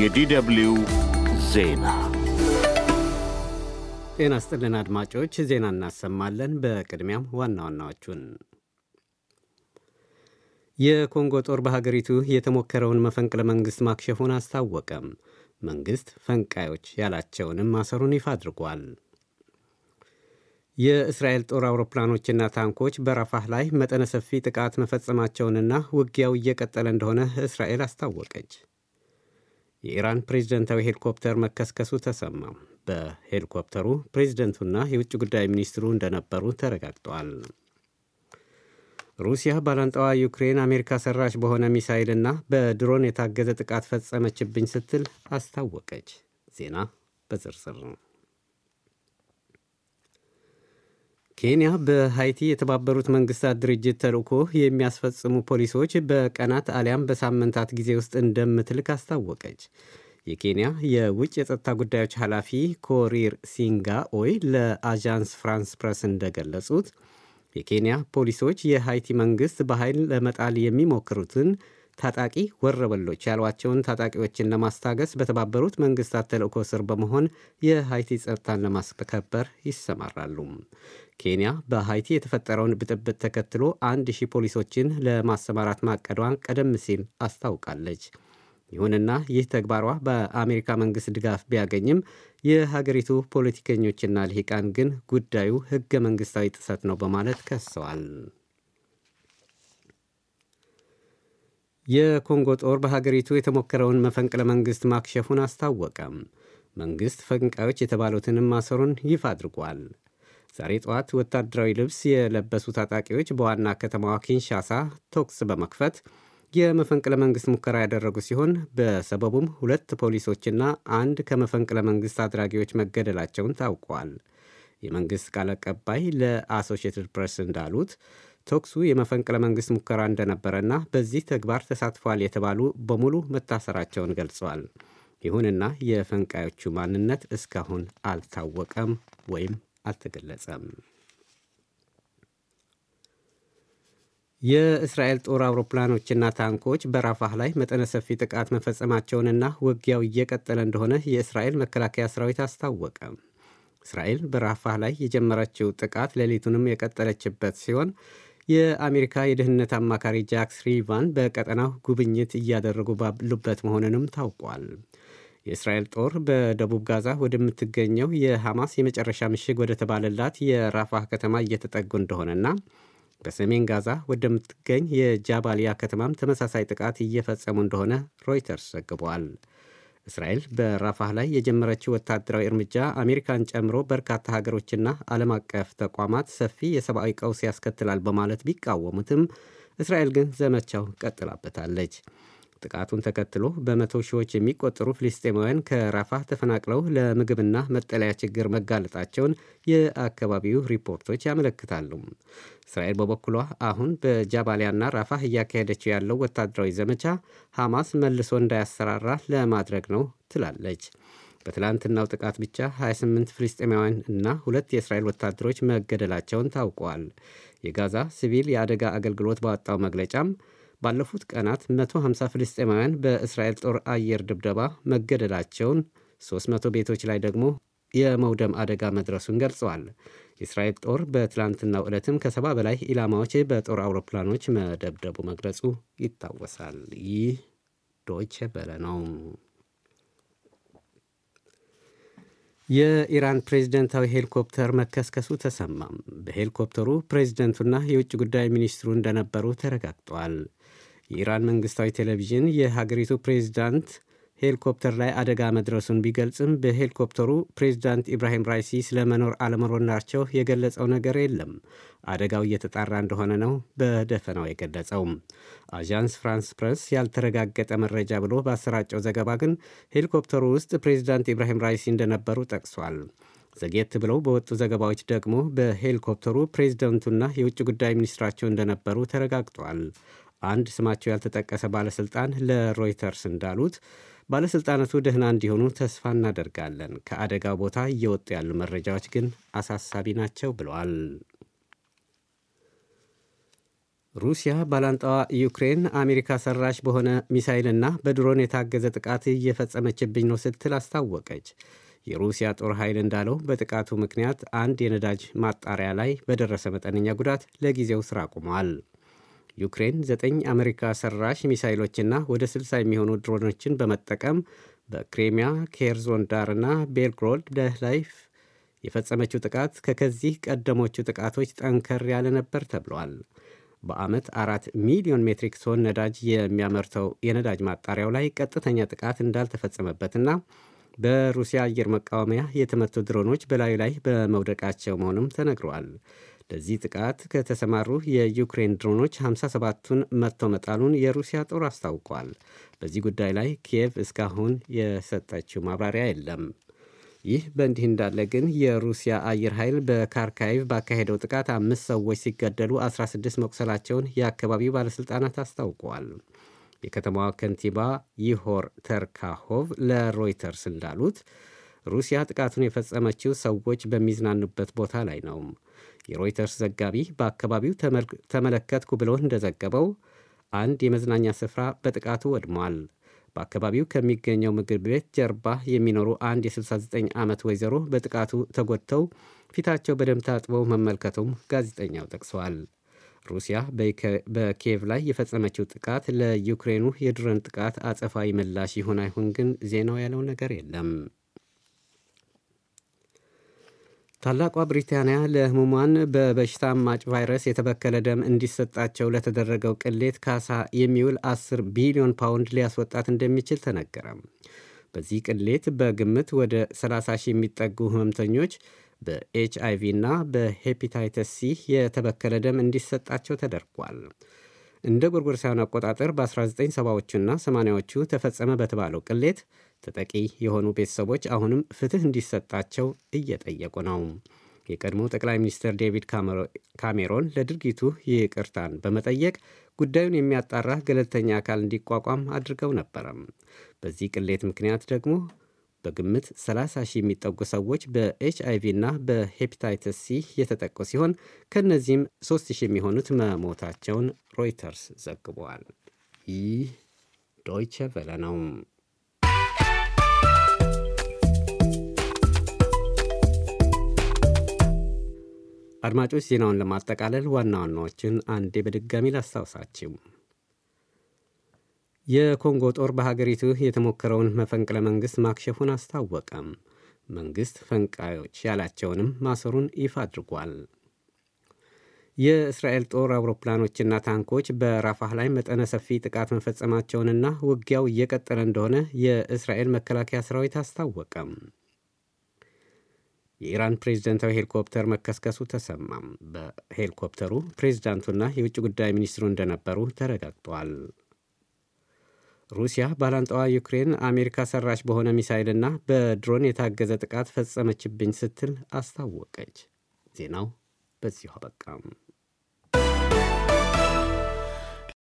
የዲደብሊው ዜና ጤና ስጥልን አድማጮች፣ ዜና እናሰማለን። በቅድሚያም ዋና ዋናዎቹን የኮንጎ ጦር በሀገሪቱ የተሞከረውን መፈንቅለ መንግሥት ማክሸፉን አስታወቀም። መንግሥት ፈንቃዮች ያላቸውንም ማሰሩን ይፋ አድርጓል። የእስራኤል ጦር አውሮፕላኖችና ታንኮች በራፋህ ላይ መጠነ ሰፊ ጥቃት መፈጸማቸውንና ውጊያው እየቀጠለ እንደሆነ እስራኤል አስታወቀች። የኢራን ፕሬዝደንታዊ ሄሊኮፕተር መከስከሱ ተሰማ። በሄሊኮፕተሩ ፕሬዝደንቱና የውጭ ጉዳይ ሚኒስትሩ እንደነበሩ ተረጋግጧል። ሩሲያ ባላንጣዋ ዩክሬን አሜሪካ ሰራሽ በሆነ ሚሳይልና በድሮን የታገዘ ጥቃት ፈጸመችብኝ ስትል አስታወቀች። ዜና በዝርዝር ነው። ኬንያ በሃይቲ የተባበሩት መንግስታት ድርጅት ተልእኮ የሚያስፈጽሙ ፖሊሶች በቀናት አሊያም በሳምንታት ጊዜ ውስጥ እንደምትልክ አስታወቀች። የኬንያ የውጭ የጸጥታ ጉዳዮች ኃላፊ ኮሪር ሲንጋ ኦይ ለአዣንስ ፍራንስ ፕረስ እንደገለጹት የኬንያ ፖሊሶች የሃይቲ መንግሥት በኃይል ለመጣል የሚሞክሩትን ታጣቂ ወረበሎች ያሏቸውን ታጣቂዎችን ለማስታገስ በተባበሩት መንግስታት ተልእኮ ስር በመሆን የሀይቲ ጸጥታን ለማስከበር ይሰማራሉ። ኬንያ በሀይቲ የተፈጠረውን ብጥብጥ ተከትሎ አንድ ሺህ ፖሊሶችን ለማሰማራት ማቀዷን ቀደም ሲል አስታውቃለች። ይሁንና ይህ ተግባሯ በአሜሪካ መንግስት ድጋፍ ቢያገኝም የሀገሪቱ ፖለቲከኞችና ልሂቃን ግን ጉዳዩ ህገ መንግስታዊ ጥሰት ነው በማለት ከሰዋል። የኮንጎ ጦር በሀገሪቱ የተሞከረውን መፈንቅለ መንግሥት ማክሸፉን አስታወቀም። መንግሥት ፈንቃዮች የተባሉትንም ማሰሩን ይፋ አድርጓል። ዛሬ ጠዋት ወታደራዊ ልብስ የለበሱ ታጣቂዎች በዋና ከተማዋ ኪንሻሳ ተኩስ በመክፈት የመፈንቅለ መንግሥት ሙከራ ያደረጉ ሲሆን በሰበቡም ሁለት ፖሊሶችና አንድ ከመፈንቅለ መንግሥት አድራጊዎች መገደላቸውን ታውቋል። የመንግሥት ቃል አቀባይ ለአሶሽትድ ፕሬስ እንዳሉት ተኩሱ የመፈንቅለ መንግስት ሙከራ እንደነበረና በዚህ ተግባር ተሳትፏል የተባሉ በሙሉ መታሰራቸውን ገልጸዋል። ይሁንና የፈንቃዮቹ ማንነት እስካሁን አልታወቀም ወይም አልተገለጸም። የእስራኤል ጦር አውሮፕላኖችና ታንኮች በራፋህ ላይ መጠነ ሰፊ ጥቃት መፈጸማቸውንና ውጊያው እየቀጠለ እንደሆነ የእስራኤል መከላከያ ሰራዊት አስታወቀ። እስራኤል በራፋህ ላይ የጀመረችው ጥቃት ሌሊቱንም የቀጠለችበት ሲሆን የአሜሪካ የደህንነት አማካሪ ጃክ ሱሊቫን በቀጠናው ጉብኝት እያደረጉ ባሉበት መሆኑንም ታውቋል። የእስራኤል ጦር በደቡብ ጋዛ ወደምትገኘው የሐማስ የመጨረሻ ምሽግ ወደ ተባለላት የራፋህ ከተማ እየተጠጉ እንደሆነና በሰሜን ጋዛ ወደምትገኝ የጃባሊያ ከተማም ተመሳሳይ ጥቃት እየፈጸሙ እንደሆነ ሮይተርስ ዘግቧል። እስራኤል በራፋህ ላይ የጀመረችው ወታደራዊ እርምጃ አሜሪካን ጨምሮ በርካታ ሀገሮችና ዓለም አቀፍ ተቋማት ሰፊ የሰብአዊ ቀውስ ያስከትላል በማለት ቢቃወሙትም እስራኤል ግን ዘመቻው ቀጥላበታለች። ጥቃቱን ተከትሎ በመቶ ሺዎች የሚቆጠሩ ፍልስጤማውያን ከራፋ ተፈናቅለው ለምግብና መጠለያ ችግር መጋለጣቸውን የአካባቢው ሪፖርቶች ያመለክታሉ። እስራኤል በበኩሏ አሁን በጃባሊያና ራፋህ እያካሄደችው ያለው ወታደራዊ ዘመቻ ሐማስ መልሶ እንዳያሰራራ ለማድረግ ነው ትላለች። በትላንትናው ጥቃት ብቻ 28 ፍልስጤማውያን እና ሁለት የእስራኤል ወታደሮች መገደላቸውን ታውቋል። የጋዛ ሲቪል የአደጋ አገልግሎት ባወጣው መግለጫም ባለፉት ቀናት 150 ፍልስጤማውያን በእስራኤል ጦር አየር ድብደባ መገደላቸውን፣ 300 ቤቶች ላይ ደግሞ የመውደም አደጋ መድረሱን ገልጸዋል። የእስራኤል ጦር በትላንትናው ዕለትም ከሰባ በላይ ኢላማዎች በጦር አውሮፕላኖች መደብደቡ መግለጹ ይታወሳል። ይህ ዶይቼ ቬለ ነው። የኢራን ፕሬዝደንታዊ ሄሊኮፕተር መከስከሱ ተሰማም። በሄሊኮፕተሩ ፕሬዝደንቱና የውጭ ጉዳይ ሚኒስትሩ እንደነበሩ ተረጋግጧል። የኢራን መንግስታዊ ቴሌቪዥን የሀገሪቱ ፕሬዚዳንት ሄሊኮፕተር ላይ አደጋ መድረሱን ቢገልጽም በሄሊኮፕተሩ ፕሬዚዳንት ኢብራሂም ራይሲ ስለመኖር አለመኖራቸው የገለጸው ነገር የለም። አደጋው እየተጣራ እንደሆነ ነው በደፈናው የገለጸው። አዣንስ ፍራንስ ፕረስ ያልተረጋገጠ መረጃ ብሎ ባሰራጨው ዘገባ ግን ሄሊኮፕተሩ ውስጥ ፕሬዚዳንት ኢብራሂም ራይሲ እንደነበሩ ጠቅሷል። ዘጌት ብለው በወጡ ዘገባዎች ደግሞ በሄሊኮፕተሩ ፕሬዚደንቱና የውጭ ጉዳይ ሚኒስትራቸው እንደነበሩ ተረጋግጧል። አንድ ስማቸው ያልተጠቀሰ ባለሥልጣን ለሮይተርስ እንዳሉት ባለሥልጣናቱ ደህና እንዲሆኑ ተስፋ እናደርጋለን። ከአደጋው ቦታ እየወጡ ያሉ መረጃዎች ግን አሳሳቢ ናቸው ብለዋል። ሩሲያ ባላንጣዋ ዩክሬን አሜሪካ ሰራሽ በሆነ ሚሳይልና በድሮን የታገዘ ጥቃት እየፈጸመችብኝ ነው ስትል አስታወቀች። የሩሲያ ጦር ኃይል እንዳለው በጥቃቱ ምክንያት አንድ የነዳጅ ማጣሪያ ላይ በደረሰ መጠነኛ ጉዳት ለጊዜው ስራ አቁመዋል። ዩክሬን ዘጠኝ አሜሪካ ሰራሽ ሚሳይሎችና ወደ 60 የሚሆኑ ድሮኖችን በመጠቀም በክሬሚያ ኬርዞን ዳርና ቤልግሮድ ደህላይፍ የፈጸመችው ጥቃት ከከዚህ ቀደሞቹ ጥቃቶች ጠንከር ያለ ነበር ተብሏል። በአመት አራት ሚሊዮን ሜትሪክ ቶን ነዳጅ የሚያመርተው የነዳጅ ማጣሪያው ላይ ቀጥተኛ ጥቃት እንዳልተፈጸመበትና በሩሲያ አየር መቃወሚያ የተመቱ ድሮኖች በላዩ ላይ በመውደቃቸው መሆኑም ተነግረዋል። ለዚህ ጥቃት ከተሰማሩ የዩክሬን ድሮኖች 57ቱን መጥቶ መጣሉን የሩሲያ ጦር አስታውቋል። በዚህ ጉዳይ ላይ ኪየቭ እስካሁን የሰጠችው ማብራሪያ የለም። ይህ በእንዲህ እንዳለ ግን የሩሲያ አየር ኃይል በካርካይቭ ባካሄደው ጥቃት አምስት ሰዎች ሲገደሉ 16 መቁሰላቸውን የአካባቢው ባለሥልጣናት አስታውቋል። የከተማዋ ከንቲባ ይሆር ተርካሆቭ ለሮይተርስ እንዳሉት ሩሲያ ጥቃቱን የፈጸመችው ሰዎች በሚዝናኑበት ቦታ ላይ ነው። የሮይተርስ ዘጋቢ በአካባቢው ተመለከትኩ ብሎ እንደዘገበው አንድ የመዝናኛ ስፍራ በጥቃቱ ወድሟል። በአካባቢው ከሚገኘው ምግብ ቤት ጀርባ የሚኖሩ አንድ የ69 ዓመት ወይዘሮ በጥቃቱ ተጎድተው ፊታቸው በደም ታጥበው መመልከቱም ጋዜጠኛው ጠቅሰዋል። ሩሲያ በኪየቭ ላይ የፈጸመችው ጥቃት ለዩክሬኑ የድሮን ጥቃት አጸፋዊ ምላሽ ይሆን አይሁን ግን ዜናው ያለው ነገር የለም። ታላቋ ብሪታንያ ለህሙማን በበሽታ አማጭ ቫይረስ የተበከለ ደም እንዲሰጣቸው ለተደረገው ቅሌት ካሳ የሚውል 10 ቢሊዮን ፓውንድ ሊያስወጣት እንደሚችል ተነገረ። በዚህ ቅሌት በግምት ወደ 30 ሺህ የሚጠጉ ህመምተኞች በኤች አይ ቪ እና በሄፒታይተስ ሲ የተበከለ ደም እንዲሰጣቸው ተደርጓል። እንደ ጎርጎሮሳውያን አቆጣጠር በ1970ዎቹና 80ዎቹ ተፈጸመ በተባለው ቅሌት ተጠቂ የሆኑ ቤተሰቦች አሁንም ፍትህ እንዲሰጣቸው እየጠየቁ ነው። የቀድሞ ጠቅላይ ሚኒስትር ዴቪድ ካሜሮን ለድርጊቱ ይቅርታን በመጠየቅ ጉዳዩን የሚያጣራ ገለልተኛ አካል እንዲቋቋም አድርገው ነበረም። በዚህ ቅሌት ምክንያት ደግሞ በግምት 30 ሺህ የሚጠጉ ሰዎች በኤች አይቪ እና በሄፓታይተስ ሲ የተጠቁ ሲሆን ከእነዚህም 3 ሺህ የሚሆኑት መሞታቸውን ሮይተርስ ዘግቧል። ይህ ዶይቸ ቬለ ነው። አድማጮች ዜናውን ለማጠቃለል ዋና ዋናዎችን አንዴ በድጋሚ ላስታውሳችው። የኮንጎ ጦር በሀገሪቱ የተሞከረውን መፈንቅለ መንግሥት ማክሸፉን አስታወቀም። መንግሥት ፈንቃዮች ያላቸውንም ማሰሩን ይፋ አድርጓል። የእስራኤል ጦር አውሮፕላኖችና ታንኮች በራፋህ ላይ መጠነ ሰፊ ጥቃት መፈጸማቸውንና ውጊያው እየቀጠለ እንደሆነ የእስራኤል መከላከያ ሰራዊት አስታወቀም። የኢራን ፕሬዝደንታዊ ሄሊኮፕተር መከስከሱ ተሰማም። በሄሊኮፕተሩ ፕሬዝዳንቱና የውጭ ጉዳይ ሚኒስትሩ እንደነበሩ ተረጋግጧል። ሩሲያ ባላንጣዋ ዩክሬን አሜሪካ ሰራሽ በሆነ ሚሳይልና በድሮን የታገዘ ጥቃት ፈጸመችብኝ ስትል አስታወቀች። ዜናው በዚሁ አበቃም።